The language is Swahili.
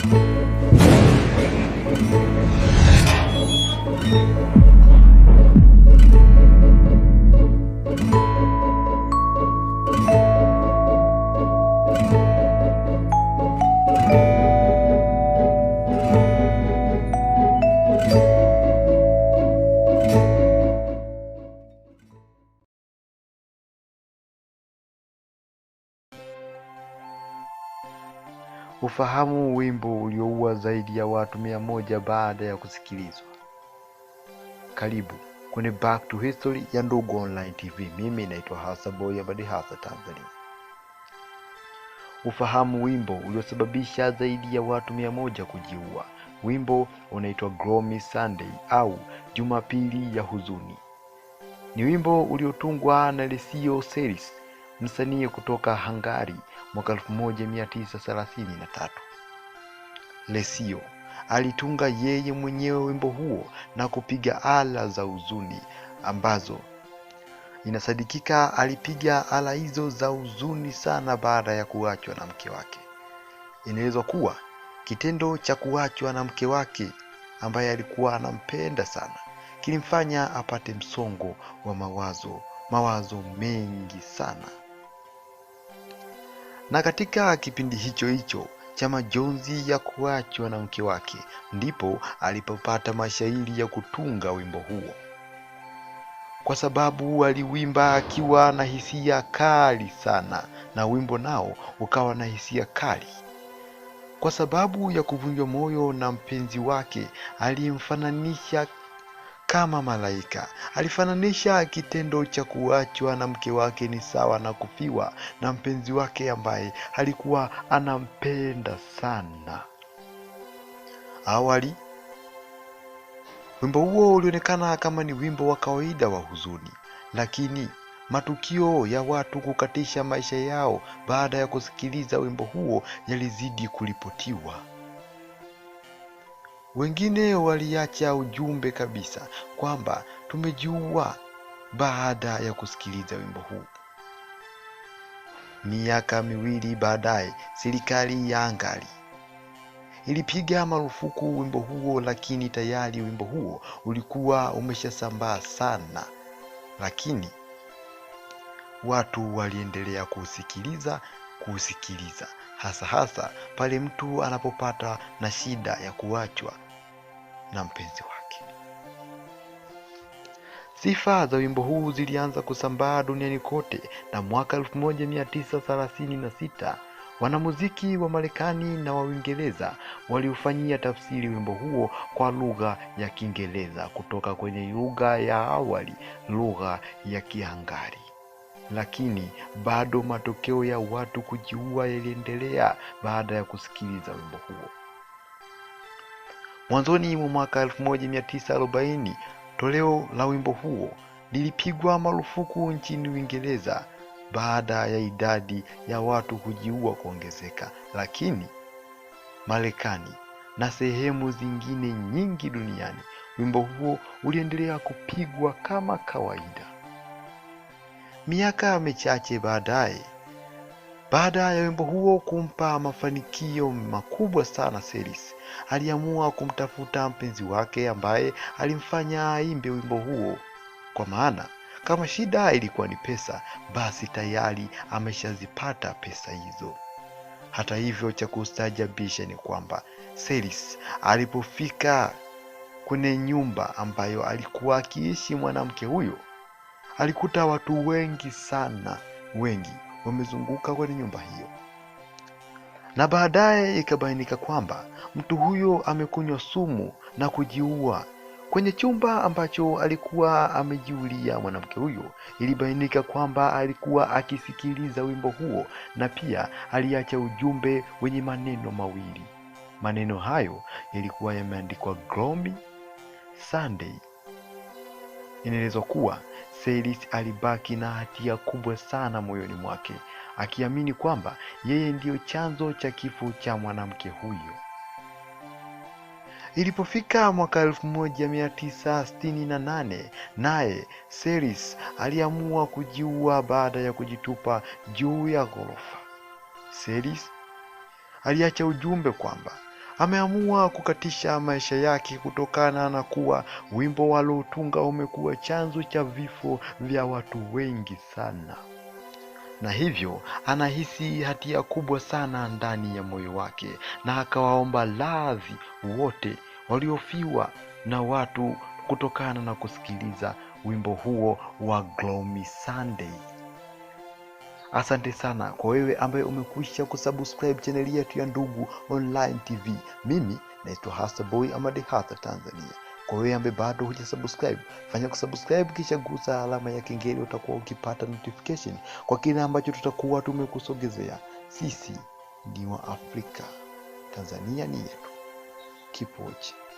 Thank you. Ufahamu wimbo ulioua zaidi ya watu mia moja baada ya kusikilizwa. Karibu kwenye Back to History ya Ndugu Online TV. Mimi naitwa Hasa Boy Abadi Hasa Tanzania. Ufahamu wimbo uliosababisha zaidi ya watu mia moja kujiua. Wimbo unaitwa Gloomy Sunday au Jumapili ya Huzuni. Ni wimbo uliotungwa na Lesio Seris, msanii kutoka Hungary mwaka 1933. Lesio alitunga yeye mwenyewe wimbo huo na kupiga ala za huzuni ambazo inasadikika alipiga ala hizo za huzuni sana baada ya kuachwa na mke wake. Inaelezwa kuwa kitendo cha kuachwa na mke wake ambaye alikuwa anampenda sana kilimfanya apate msongo wa mawazo, mawazo mengi sana. Na katika kipindi hicho hicho cha majonzi ya kuachwa na mke wake ndipo alipopata mashairi ya kutunga wimbo huo, kwa sababu aliwimba akiwa na hisia kali sana, na wimbo nao ukawa na hisia kali. Kwa sababu ya kuvunjwa moyo na mpenzi wake, aliyemfananisha kama malaika. Alifananisha kitendo cha kuachwa na mke wake ni sawa na kufiwa na mpenzi wake ambaye alikuwa anampenda sana. Awali wimbo huo ulionekana kama ni wimbo wa kawaida wa huzuni, lakini matukio ya watu kukatisha maisha yao baada ya kusikiliza wimbo huo yalizidi kuripotiwa. Wengine waliacha ujumbe kabisa kwamba tumejiua baada ya kusikiliza wimbo huu. Miaka miwili baadaye, serikali ya Hungary ilipiga marufuku wimbo huo, lakini tayari wimbo huo ulikuwa umeshasambaa sana, lakini watu waliendelea kusikiliza kusikiliza, hasa hasa pale mtu anapopata na shida ya kuachwa na mpenzi wake. Sifa za wimbo huu zilianza kusambaa duniani kote, na mwaka 1936 wanamuziki wa Marekani na wa Uingereza waliufanyia tafsiri wimbo huo kwa lugha ya Kiingereza kutoka kwenye lugha ya awali, lugha ya Kihangari lakini bado matokeo ya watu kujiua yaliendelea baada ya kusikiliza wimbo huo. Mwanzoni mwa mwaka 1940 toleo la wimbo huo lilipigwa marufuku nchini Uingereza baada ya idadi ya watu kujiua kuongezeka, lakini Marekani na sehemu zingine nyingi duniani wimbo huo uliendelea kupigwa kama kawaida miaka michache baadaye baada ya wimbo huo kumpa mafanikio makubwa sana, Selis aliamua kumtafuta mpenzi wake ambaye alimfanya aimbe wimbo huo, kwa maana kama shida ilikuwa ni pesa, basi tayari ameshazipata pesa hizo. Hata hivyo, cha kustajabisha ni kwamba Selis alipofika kwenye nyumba ambayo alikuwa akiishi mwanamke huyo alikuta watu wengi sana, wengi wamezunguka kwenye nyumba hiyo, na baadaye ikabainika kwamba mtu huyo amekunywa sumu na kujiua kwenye chumba ambacho alikuwa amejiulia mwanamke huyo, ilibainika kwamba alikuwa akisikiliza wimbo huo na pia aliacha ujumbe wenye maneno mawili. Maneno hayo yalikuwa yameandikwa Gloomy Sunday. Inaelezwa kuwa Selis alibaki na hatia kubwa sana moyoni mwake, akiamini kwamba yeye ndiyo chanzo cha kifo cha mwanamke huyo. Ilipofika mwaka 1968 naye Selis aliamua kujiua baada ya kujitupa juu ya ghorofa. Selis aliacha ujumbe kwamba ameamua kukatisha maisha yake kutokana na kuwa wimbo aliotunga umekuwa chanzo cha vifo vya watu wengi sana, na hivyo anahisi hatia kubwa sana ndani ya moyo wake, na akawaomba radhi wote waliofiwa na watu kutokana na kusikiliza wimbo huo wa glomi Sunday. Asante sana kwa wewe ambaye umekwisha kusubscribe chaneli yetu ya Ndugu Online TV. Mimi naitwa Hasa Boy Amadi hasa Tanzania. Kwa wewe ambaye bado hujasubscribe, fanya kusubscribe kisha gusa alama ya kengele, utakuwa ukipata notification kwa kile ambacho tutakuwa tumekusogezea. Sisi ni wa Afrika, Tanzania ni yetu. Keep watching.